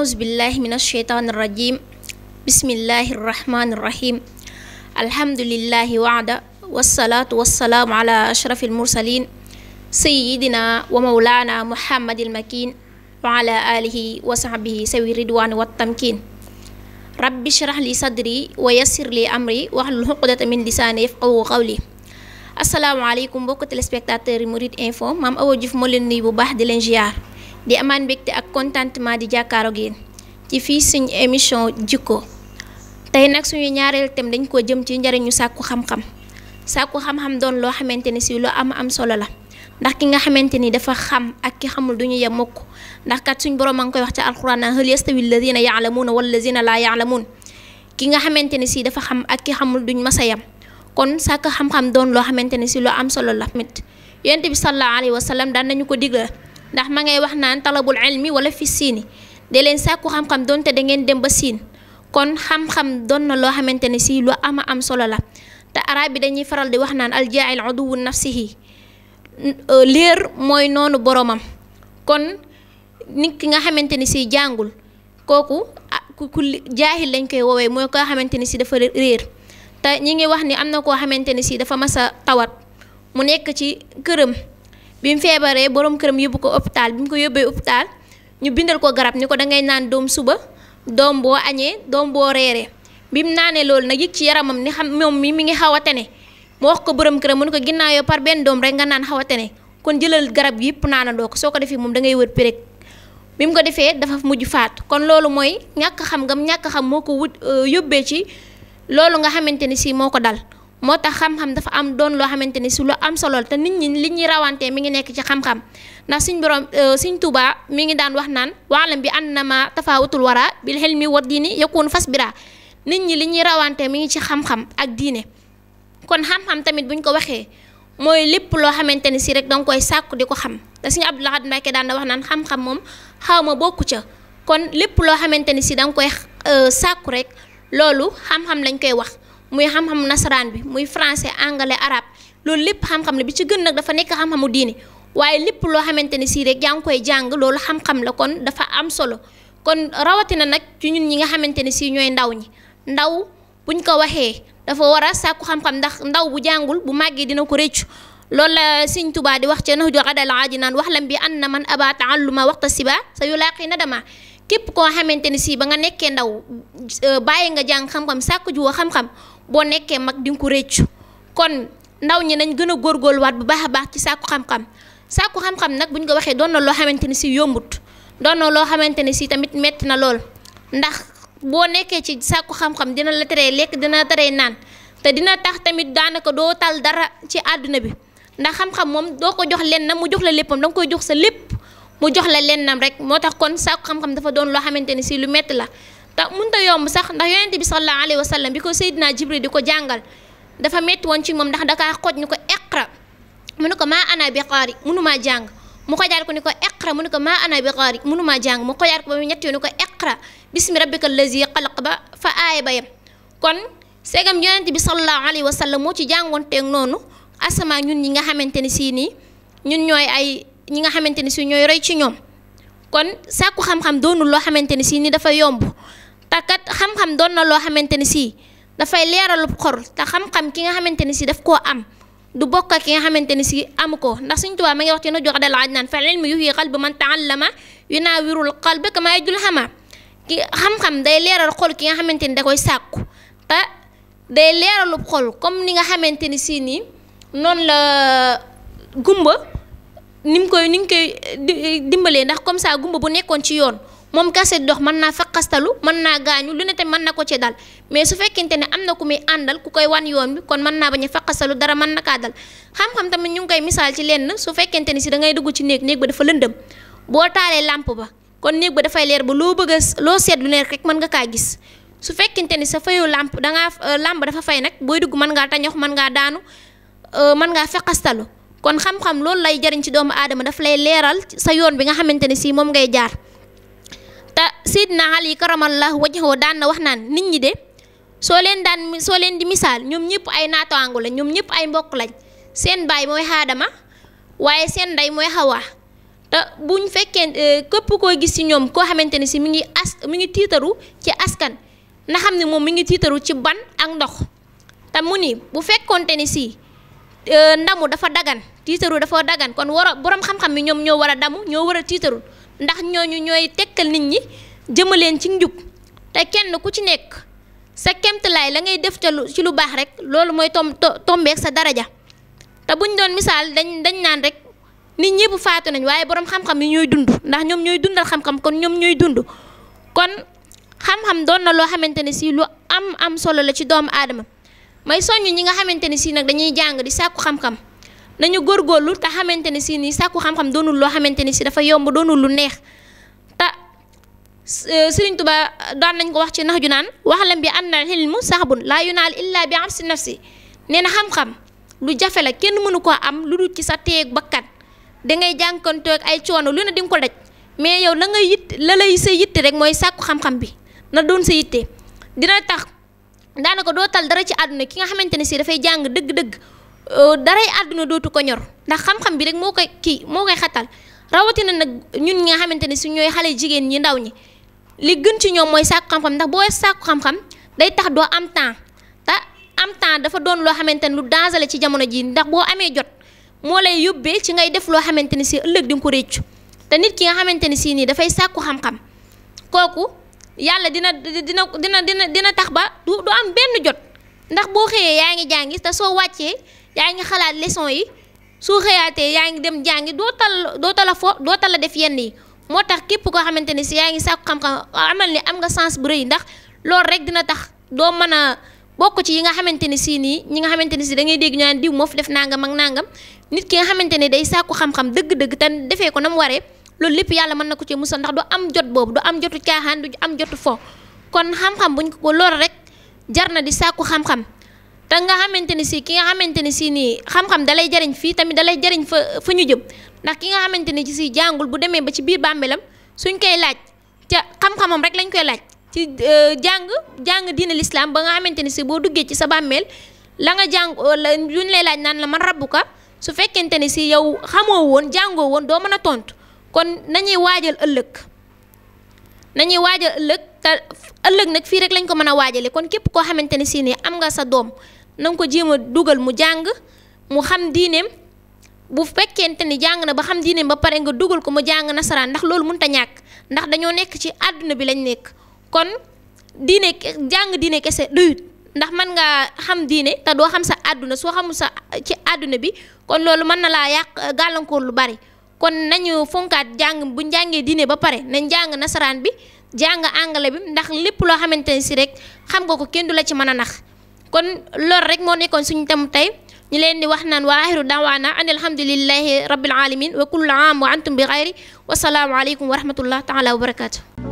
أعوذ بالله من الشيطان الرجيم بسم الله الرحمن الرحيم الحمد لله وعد والصلاة والسلام على أشرف المرسلين سيدنا ومولانا محمد المكين وعلى آله وصحبه سوي الردوان والتمكين رب اشرح لي صدري ويسر لي أمري واحلل عقدة من لساني يفقهوا قولي السلام عليكم téléspectateur yi مريد info مام اوجف Diouf نيبو leen nuyu di amaan mbégte ak contentement di jàkkaaroog yéen ci fii suñ émission jikko tey nag suñu ñaareel thème dañ koo jëm ci njariñu sàkku xam-xam sàkku xam doon loo xamante ni si lu am am solo la ndax ki nga xamante ni dafa xam ak ki xamul du ñu yem mukk ndax kat suñu borom a ngi koy wax ci alxuraan naan hal yastawi alladina yaalamuuna wala alladina laa yaalamuun ki nga xamante ni si dafa xam ak ki xamul duñ mas a yem kon sàkk xam-xam loo xamante ni si lu am solo la mit yonent bi sallallahu alayhi wa sallam daan nañu ko digal ndax ma ngay wax naan talabul ilmi wala fi siini de sa ko xam-xam donte da ngeen dem ba sin kon xam-xam don na lo xamanteni si lu ama am solo la ta arabi dañuy faral di wax naan ja'il udwu nafsihi euh, leer moy nonu boromam kon nit ki nga xamanteni ni si jangul koku ku jahil lañ koy wowe moy ko xamanteni si dafa réer ta ñi ngi wax ni amna ko xamanteni si dafa massa tawat mu nekk ci bi mu feebaree borom këram yóbbu ko hôpital bi mu ko yóbbee hôpital ñu bindal ko garab ni ko da ngay naan doom suba doom boo añee doom boo reeree bi mu naanee loolu nag yëg ci yaramam ni xam moom mi mi ngi xaw a tane mu wax ko borom këram mu ne ko ginnaaw par benn doom rek nga naan xaw a tane kon jëlal garab gi yëpp naanandoo ko soo ko defee moom da ngay wër pérék bi mu ko defee dafa mujj faat kon loolu mooy ñàkk xam ngam ñàkk xam moo ko wut euh, yóbbee ci loolu nga xamante ni si moo ko dal motax xam-xam dafa am doon lo xamanteni su am solo te nit ñi li ñi rawante mi ngi nekk ci xam-xam na suñ borom euh, suñ tuba mi ngi daan wax naan waalam bi annama tafawutul wara bil hilmi wad diini yakun fas nit ñi li ñi rawante mi ngi ci xam-xam ak diine kon xam-xam tamit buñ ko waxe moy lepp sirek xamanteni si rek dang koy sakku diko xam da suñ abdullah Lahad Mbacké daan wax naan xam-xam mom xawma bokku ca kon lepp lo xamanteni si dang koy euh, sakku rek lolu xam-xam lañ koy wax muy xam xam nasaraan bi muy français anglais arab loolu lepp xam-xam la bi ci gën nak dafa nek xam-xamu diini waye lepp lo xamanteni si rek koy jang xam-xam la kon dafa am solo kon na nak ci ñun ñi nga xamanteni si ñoy ndaw ñi ndaw buñ ko waxee dafa wara xam-xam ndax ndaw bu jangul bu maggi dina ko reccu lol la seigne touba di wax ci nax ju xadal wax lam bi an man aba taalluma waxta siba sayulaqi nadama kep ko xamanteni si ba nga nekke ndaw baye nga jang xam-xam sakku ju xam-xam boo nekkee mag di ko réccu kon ndaw ñi nañ gën a góorgóorluwaat bu baax a baax ci sàkku xam-xam sàkku xam-xam nag bu ñu ko waxee doon na loo xamante ni si yombut doon na loo xamante ni si tamit metti na lool ndax boo nekkee ci sàkku xam-xam dina la teree lekk dina la naan te dina tax tamit daanaka doo tal dara ci àdduna bi ndax xam-xam moom doo ko jox leen mu jox la léppam da koy jox sa lépp mu jox la leen nam rek moo tax kon sàkku xam-xam dafa doon loo xamante ni si lu métti la te mënut a yomb sax ndax yonent bi sallallahu alayhi wa bi ko Seydina Jibril di ko jàngal dafa métti woon ci moom ndax daka xoj ni ko iqra mu ne ko maa ana bi qaari mënumaa jàng mu xojaat ko ni ko mu ne ko maa ana bi mënumaa jàng mu ko ba mu ñett yoon ni ko iqra bismi rabbika allazi xalaq ba fa aaya ba yem kon segam yonent bi sallallahu alayhi wa sallam moo ci jàngoonteeg noonu asamaa ñun ñi nga xamante ne sii nii ñun ñooy ay ñi nga xamante ne sii ñooy rey ci ñoom kon sàkku xam-xam doonul loo xamante ne sii nii dafa yomb takat xam-xam don na lo xamanteni si da fay leralu xor ta xam-xam ki nga xamanteni si daf ko am du bokk ki nga xamanteni si am ko ndax seigne touba ma ngi wax ci no jox dal aj naan ilmu yuhi qalbi man taallama kama yajul hama. ki xam-xam day leral xol ki nga xamanteni da koy sakku ta day leralu xol comme ni nga xamanteni si ni non la gumba nim koy ni koy dimbalé ndax comme ça gumba bu nekkon ci yoon mom kasse dox man na faqastalu man na gañu lu nete man nako na ci dal mais su fekkinte ne amna ku andal ku koy wan yoon bi kon man na bañ faqastalu dara man naka dal xam-xam tam ñu ngay misal ci lenn su fekkinte ni si da ngay dugg ci neeg neeg ba dafa bo taalé lampe ba kon neeg ba fay leer ba lo bëgg lo sét lu leer rek man nga ka gis su fekkinte ni sa fayu da nga euh, lampe dafa fay nak boy dugg man nga tañox man nga daanu euh, man nga faqastalu kon xam-xam lool lay jariñ ci doomu adama daf lay leeral sa yoon bi nga xamanteni si mom ngay jaar naa Seydina la karamallahu wajhahu daan na wax naan nit ñi de soo leen daan soo leen di misaal ñoom ñëpp ay naataango lañ ñoom ñëpp ay mbokk lañ seen baay mooy xaadama waaye seen ndey mooy xawaa te bu ñu fekkee euh, këpp koo gis ci ñoom koo xamante ni si mi ngi as mi ngi tiitaru ci askan na xam ne moom mi ngi tiitaru ci ban ak ndox te mu ni bu fekkonte ni si euh, ndamu dafa dagan tiitaru dafa dagan kon war a boroom xam-xam bi ñoom ñoo war a damu ñoo war a tiitaru ndax ñooñu ñooy tekkal nit ñi jëmaleen ci njub te kenn ku ci nekk sa kemtalaay la ngay def ca lu ci lu baax rek loolu mooy tom tombeek sa daraja te buñ doon misaal dañ dañ naan rek nit ñëpp faatu nañ waaye borom xam yi ñooy dund ndax ñoom ñooy dundal xam-xam kon ñoom ñooy dund kon xam-xam doon na loo xamante ne sii lu am am solo la ci doomu aadama may soññ ñi nga xamante ne sii nag dañuy jàng di sàkku xam-xam nañu góorgóorlu te xamante ne sii nii sàkku xam-xam doonul loo xamante ne si dafa yomb doonul lu neex Euh, Sëriñ ba daan nañ ko wax ci nax ju naan waxlam bi an na ilmu saxbun laa yunaal illaa bi am si nafsi nee na xam lu jafe kenn mënu koo am lu dul ci sa teeg bakkan dangay jànkantoog ay coono lu ne di ko daj mais yow la ngay yitt la lay sa yitte rek mooy sàkku xam-xam bi na doon sa yitte dina tax daanaka doo tal dara ci àdduna ki nga xamante ne si dafay jàng dëgg-dëgg euh, daray àdduna dootu ko ñor ndax xam-xam bi rek moo koy kii moo koy xatal rawatina nag ñun ñi nga xamante ne si ñooy xale jigéen ñi ndaw ñi li gën ci ñoom mooy sàkku xam-xam ndax boo sàkku xam-xam day tax doo am temps te am temps dafa doon loo xamante ni lu danger ci jamono ji ndax boo amee jot moo lay yóbbee ci ngay def loo xamante ni si ëllëg di ko réccu te nit ki nga xamante ni si nii dafay sàkku xam-xam kooku yàlla dina dina dina dina dina tax ba du du am benn jot ndax boo xëyee yaa ngi jàngi te soo wàccee yaa ngi xalaat leçon yi soo xëyaatee yaa ngi dem jàngi doo tal doo tala fo doo tala def yenn yi moo tax képp koo xamante ni si yaa ngi sàkku xam-xam amal ni am nga sens bu rëy ndax lool rek dina tax doo mën a bokk ci yi nga xamante ni si nii ñi nga xamante ni si da ngay dégg ñu naan diw moo fi def nangam ak nangam nit ki nga xamante ne day sàkku xam-xam dëgg-dëgg te defee ko na mu waree loolu lépp yàlla mën na ko ci musal ndax du am jot boobu du am jotu caaxaan du am jotu fo kon xam-xam ñu ko loolu rek jar na di sàkku xam-xam te nga xamante ni si ki nga xamante ni sii nii xam-xam dalay jariñ fii tamit dalay jariñ fa fa ñu jëm ndax ki nga xamante ni si jàngul bu demee ba ci biir bàmmeelam suñ koy laaj ca xam-xamam rek lañ koy laaj ci euh, jàng jàng diine lislaam ba nga xamante ni si boo duggee ci sa bàmmeel la nga jàng euh, luñ lay laaj naan la man ka su fekkente ni si yow xamoo woon jàngoo woon doo mën a tontu kon nañuy waajal ëllëg nañuy waajal ëllëg te ëllëg nag fii rek lañ ko mën a waajale kon képp koo xamante ni si nii am nga sa doom nang ko jéem a dugal mu jang mu xam dinem bu fekente ni jang na ba xam dinem ba pare nga dugal ko mu jang nasara ndax lolou munta ñak ndax dañu nek ci aduna bi lañ nek kon dine jang dine kese Du, ndax man nga xam dine ta do xam sa aduna so xam sa ci aduna bi kon lolou man na la yak euh, galankor lu bari kon nañu fonkat jang bu jangé dine ba pare nañ jang nasaran bi jang anglais bi ndax lepp lo xamanteni ci rek xam nga ko kendo la ci mana nax kon lor rek mo nekkon suñu tam tay ñu leen di wax naan wa axiru daawaana an alhamdulillahi rabbil alamin wa kullu aam wa antum bi wa salaamu alaykum wa rahmatullahi taala wa barakatuh